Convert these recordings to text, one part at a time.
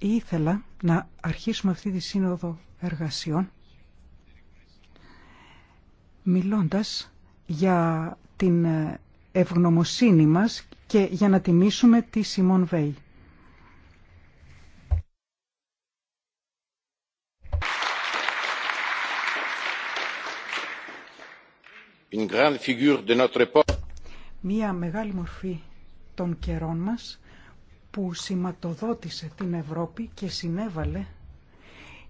Ήθελα να αρχίσουμε αυτή τη σύνοδο εργασιών μιλώντας για την ε, ευγνωμοσύνη μας και για να τιμήσουμε τη Σιμών Βέη. Μια μεγάλη μορφή των καιρών μας που σηματοδότησε την Ευρώπη και συνέβαλε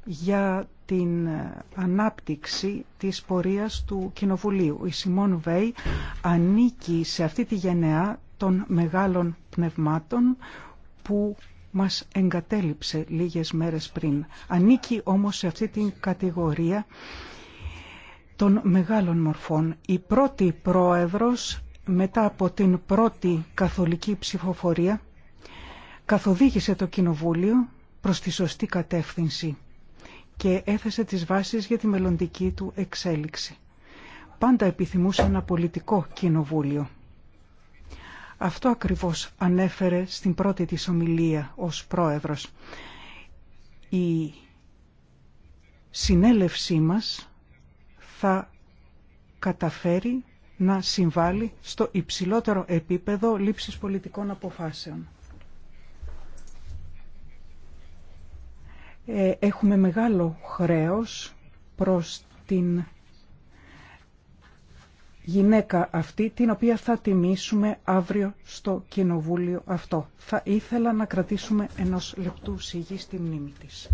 για την ανάπτυξη της πορείας του Κοινοβουλίου. Η Σιμών Βέι ανήκει σε αυτή τη γενεά των μεγάλων πνευμάτων που μας εγκατέλειψε λίγες μέρες πριν. Ανήκει όμως σε αυτή την κατηγορία των μεγάλων μορφών. Η πρώτη πρόεδρος μετά από την πρώτη καθολική ψηφοφορία καθοδήγησε το Κοινοβούλιο προς τη σωστή κατεύθυνση και έθεσε τις βάσεις για τη μελλοντική του εξέλιξη. Πάντα επιθυμούσε ένα πολιτικό κοινοβούλιο. Αυτό ακριβώς ανέφερε στην πρώτη της ομιλία ως πρόεδρος. Η συνέλευσή μας θα καταφέρει να συμβάλλει στο υψηλότερο επίπεδο λήψης πολιτικών αποφάσεων. Ε, έχουμε μεγάλο χρέος προς την γυναίκα αυτή, την οποία θα τιμήσουμε αύριο στο κοινοβούλιο αυτό. Θα ήθελα να κρατήσουμε ενός λεπτού σιγή στη μνήμη της.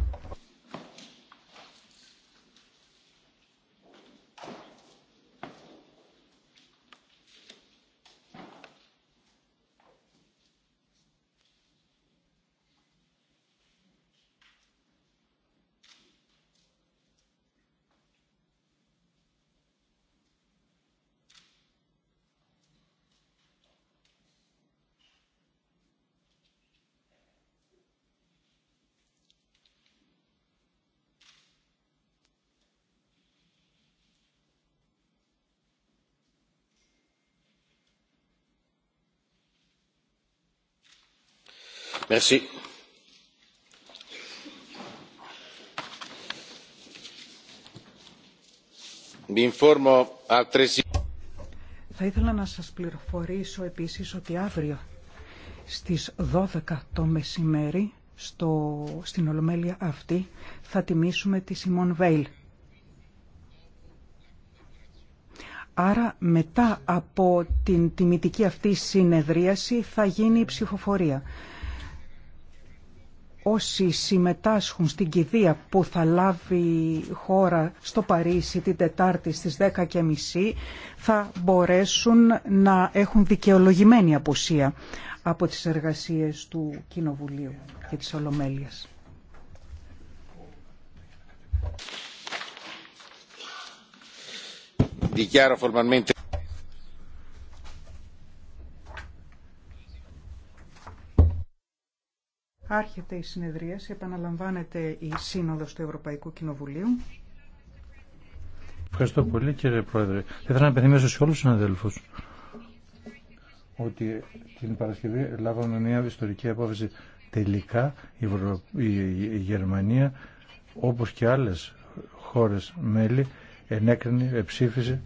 Θα ήθελα να σας πληροφορήσω επίσης ότι αύριο στις 12 το μεσημέρι στο, στην Ολομέλεια αυτή θα τιμήσουμε τη Σιμών Βέιλ. Άρα μετά από την τιμητική αυτή συνεδρίαση θα γίνει η ψηφοφορία όσοι συμμετάσχουν στην κηδεία που θα λάβει χώρα στο Παρίσι την Τετάρτη στις 10.30 θα μπορέσουν να έχουν δικαιολογημένη αποσία από τις εργασίες του Κοινοβουλίου και της Ολομέλειας. Άρχεται η συνεδρίαση, επαναλαμβάνεται η Σύνοδος του Ευρωπαϊκού Κοινοβουλίου. Ευχαριστώ πολύ κύριε Πρόεδρε. Θα ήθελα να επενθυμίσω σε όλους τους συναδέλφους ότι την Παρασκευή λάβαμε μια ιστορική απόφαση. Τελικά η Γερμανία όπως και άλλες χώρες μέλη ενέκρινε, εψήφισε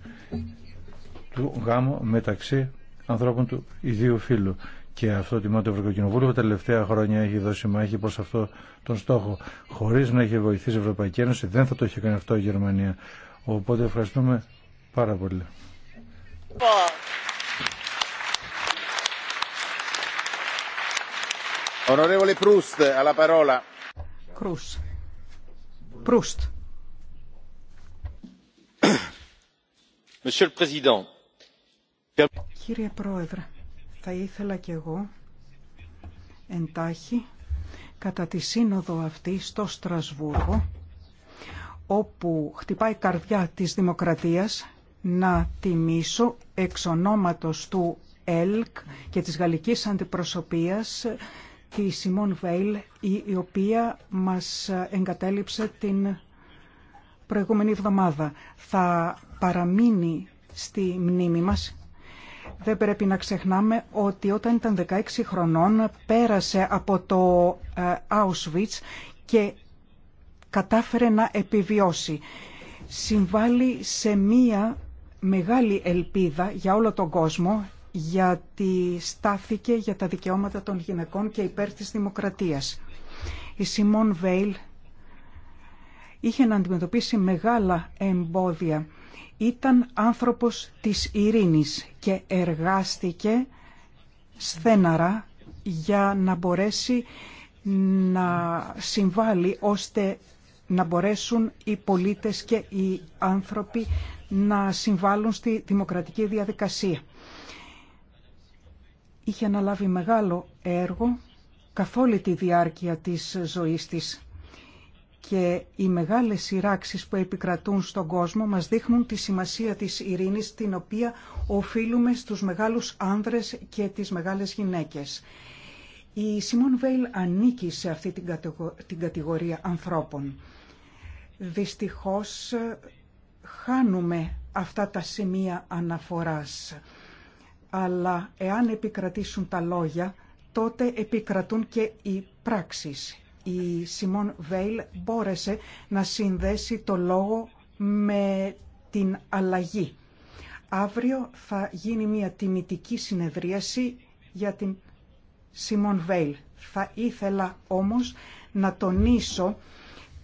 του γάμου μεταξύ ανθρώπων του ιδίου φύλου και αυτό το του Ευρωκοινοβούλιο τα τελευταία χρόνια έχει δώσει μάχη προς αυτό τον στόχο. Χωρίς να έχει βοηθήσει η Ευρωπαϊκή Ένωση δεν θα το είχε κάνει αυτό η Γερμανία. Οπότε ευχαριστούμε πάρα πολύ. Προυστ, ε, Κύριε Πρόεδρε, θα ήθελα κι εγώ εντάχει κατά τη σύνοδο αυτή στο Στρασβούργο όπου χτυπάει καρδιά της δημοκρατίας να τιμήσω εξ του ΕΛΚ και της γαλλικής αντιπροσωπείας τη Σιμών Βέιλ η οποία μας εγκατέλειψε την προηγούμενη εβδομάδα. Θα παραμείνει στη μνήμη μας δεν πρέπει να ξεχνάμε ότι όταν ήταν 16 χρονών πέρασε από το ε, Auschwitz και κατάφερε να επιβιώσει. Συμβάλλει σε μία μεγάλη ελπίδα για όλο τον κόσμο γιατί στάθηκε για τα δικαιώματα των γυναικών και υπέρ της δημοκρατίας. Η Σιμών Βέιλ είχε να αντιμετωπίσει μεγάλα εμπόδια ήταν άνθρωπος της ειρήνης και εργάστηκε σθέναρα για να μπορέσει να συμβάλλει ώστε να μπορέσουν οι πολίτες και οι άνθρωποι να συμβάλλουν στη δημοκρατική διαδικασία. Είχε αναλάβει μεγάλο έργο καθ' όλη τη διάρκεια της ζωής της και οι μεγάλες σειράξεις που επικρατούν στον κόσμο μας δείχνουν τη σημασία της ειρήνης την οποία οφείλουμε στους μεγάλους άνδρες και τις μεγάλες γυναίκες. Η Σιμών Βέιλ ανήκει σε αυτή την κατηγορία ανθρώπων. Δυστυχώς χάνουμε αυτά τα σημεία αναφοράς. Αλλά εάν επικρατήσουν τα λόγια, τότε επικρατούν και οι πράξεις η Σιμών Βέιλ μπόρεσε να συνδέσει το λόγο με την αλλαγή. Αύριο θα γίνει μια τιμητική συνεδρίαση για την Σιμών Βέιλ. Θα ήθελα όμως να τονίσω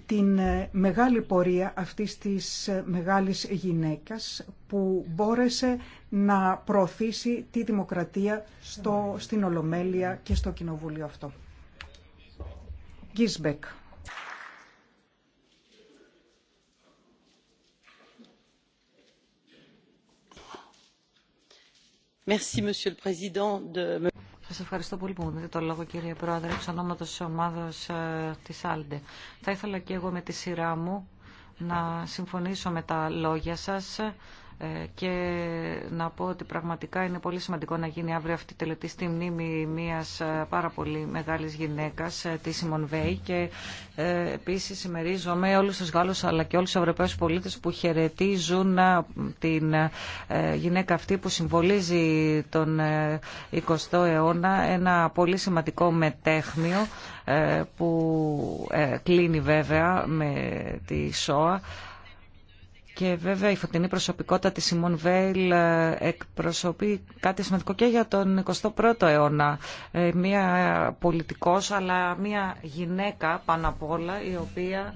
την ε, μεγάλη πορεία αυτής της ε, μεγάλης γυναίκας που μπόρεσε να προωθήσει τη δημοκρατία στο, στην Ολομέλεια και στο Κοινοβούλιο αυτό. Γκίσμπεκ. Σας ευχαριστώ πολύ που μου δίνετε το λόγο κύριε Πρόεδρε, εξ ονόματος της ομάδας ε, της Άλντε. Θα ήθελα και εγώ με τη σειρά μου να συμφωνήσω με τα λόγια σας ε, και να πω ότι πραγματικά είναι πολύ σημαντικό να γίνει αύριο αυτή η τελετή στη μνήμη μιας ε, πάρα πολύ μεγάλης γυναίκας ε, της Σιμον Βέη και ε, επίσης ημερίζομαι όλους τους Γάλλους αλλά και όλους τους Ευρωπαίους πολίτες που χαιρετίζουν την γυναίκα αυτή που συμβολίζει τον 20ο αιώνα ένα πολύ σημαντικό μετέχνιο που κλείνει βέβαια με τη ΣΟΑ και βέβαια η φωτεινή προσωπικότητα της Σιμών Βέιλ ε, εκπροσωπεί κάτι σημαντικό και για τον 21ο αιώνα. Ε, μία πολιτικός αλλά μία γυναίκα πάνω απ' όλα η οποία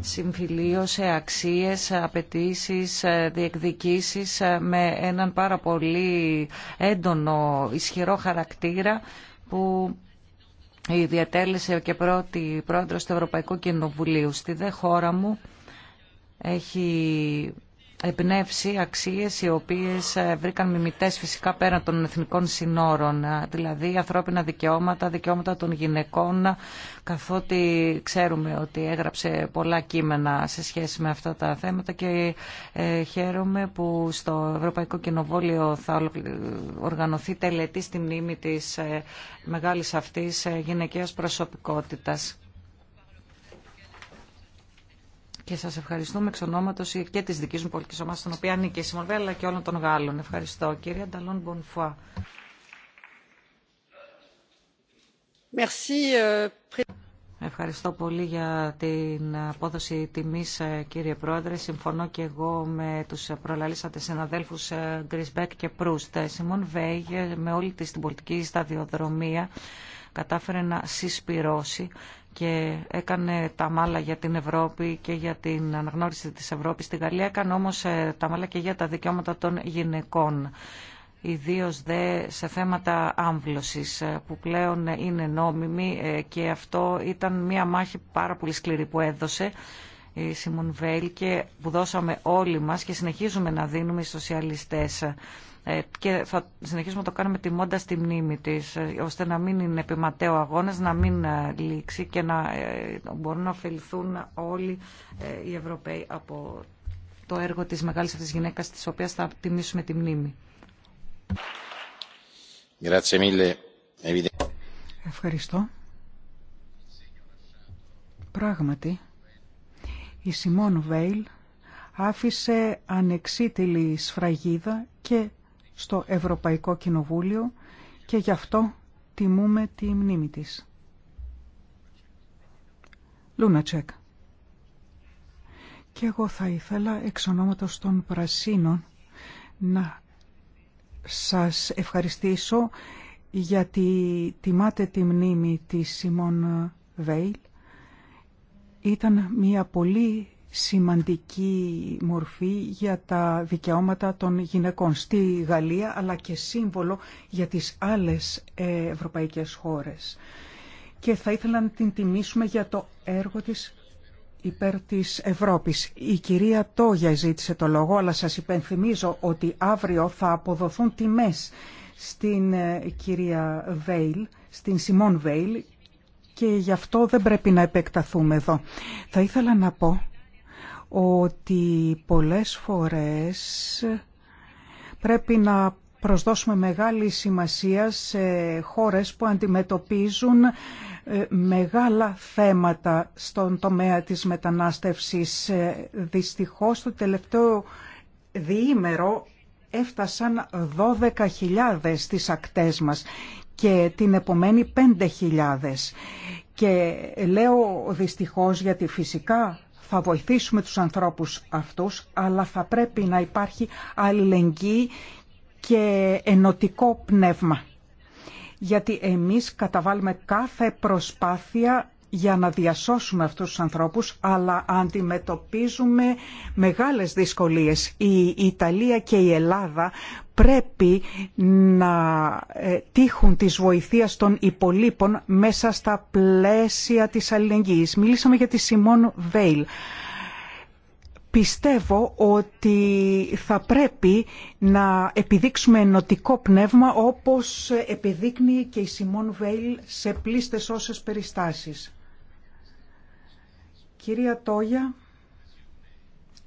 συμφιλίωσε αξίες, απαιτήσεις, ε, διεκδικήσεις με έναν πάρα πολύ έντονο ισχυρό χαρακτήρα που διατέλεσε και πρώτη πρόεδρος του Ευρωπαϊκού Κοινοβουλίου. Στη δε χώρα μου έχει εμπνεύσει αξίες οι οποίες ε, βρήκαν μιμητές φυσικά πέραν των εθνικών συνόρων, ε, δηλαδή ανθρώπινα δικαιώματα, δικαιώματα των γυναικών, καθότι ξέρουμε ότι έγραψε πολλά κείμενα σε σχέση με αυτά τα θέματα και ε, χαίρομαι που στο Ευρωπαϊκό Κοινοβούλιο θα οργανωθεί τελετή στη μνήμη της μεγάλης αυτής γυναικείας προσωπικότητας. Και σας ευχαριστούμε εξ ονόματος και της δικής μου πολιτικής ομάδας, στην οποία ανήκει η αλλά και όλων των Γάλλων. Ευχαριστώ. Κύριε Ανταλόν Μπονφουά. Ε, Ευχαριστώ πολύ για την απόδοση τιμής ε, κύριε Πρόεδρε. Συμφωνώ και εγώ με τους προλαλήσατε συναδέλφους ε, Γκρισμπέκ και Προύστ. Σιμών Βέιγ με όλη της την πολιτική σταδιοδρομία κατάφερε να συσπυρώσει και έκανε τα μάλα για την Ευρώπη και για την αναγνώριση της Ευρώπης στη Γαλλία, έκανε όμως ε, τα μάλα και για τα δικαιώματα των γυναικών. Ιδίω δε σε θέματα άμβλωσης ε, που πλέον είναι νόμιμη ε, και αυτό ήταν μια μάχη πάρα πολύ σκληρή που έδωσε η Σιμον Βέιλ και που δώσαμε όλοι μας και συνεχίζουμε να δίνουμε οι σοσιαλιστές. Ε, και θα συνεχίσουμε να το κάνουμε τιμώντα τη μνήμη τη, ε, ώστε να μην είναι επιματέο αγώνα, να μην ε, λήξει και να μπορούν να ωφεληθούν όλοι οι Ευρωπαίοι από το έργο της μεγάλης αυτής γυναίκας της οποίας θα τιμήσουμε τη μνήμη. Ευχαριστώ. Πράγματι, η Σιμών Βέιλ άφησε ανεξίτηλη σφραγίδα και στο Ευρωπαϊκό Κοινοβούλιο και γι' αυτό τιμούμε τη μνήμη της. Λούνατσεκ. Και εγώ θα ήθελα εξ ονόματος των Πρασίνων να σας ευχαριστήσω γιατί τιμάτε τη μνήμη της Σιμών Βέιλ. Ήταν μια πολύ σημαντική μορφή για τα δικαιώματα των γυναικών στη Γαλλία αλλά και σύμβολο για τις άλλες ε, ευρωπαϊκές χώρες. Και θα ήθελα να την τιμήσουμε για το έργο της υπέρ της Ευρώπης. Η κυρία Τόγια ζήτησε το λόγο, αλλά σας υπενθυμίζω ότι αύριο θα αποδοθούν τιμές στην ε, κυρία Βέιλ, στην Σιμών Βέιλ και γι' αυτό δεν πρέπει να επεκταθούμε εδώ. Θα ήθελα να πω ότι πολλές φορές πρέπει να προσδώσουμε μεγάλη σημασία σε χώρες που αντιμετωπίζουν ε, μεγάλα θέματα στον τομέα της μετανάστευσης. Ε, δυστυχώς το τελευταίο διήμερο έφτασαν 12.000 στις ακτές μας και την επομένη 5.000. Και λέω δυστυχώς γιατί φυσικά θα βοηθήσουμε τους ανθρώπους αυτούς, αλλά θα πρέπει να υπάρχει αλληλεγγύη και ενωτικό πνεύμα. Γιατί εμείς καταβάλουμε κάθε προσπάθεια για να διασώσουμε αυτούς τους ανθρώπους, αλλά αντιμετωπίζουμε μεγάλες δυσκολίες. Η Ιταλία και η Ελλάδα πρέπει να ε, τύχουν της βοηθείας των υπολείπων μέσα στα πλαίσια της αλληλεγγύης. Μιλήσαμε για τη Σιμών Βέιλ. Πιστεύω ότι θα πρέπει να επιδείξουμε ενωτικό πνεύμα όπως επιδείκνει και η Σιμών Βέιλ σε πλήστες όσες περιστάσεις. Κυρία Τόγια,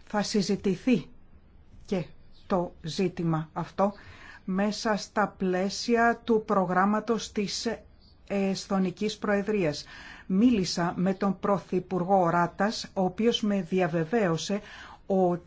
θα συζητηθεί και το ζήτημα αυτό μέσα στα πλαίσια του προγράμματος της Εσθονικής Προεδρίας. Μίλησα με τον Πρωθυπουργό Ράτας, ο οποίος με διαβεβαίωσε ότι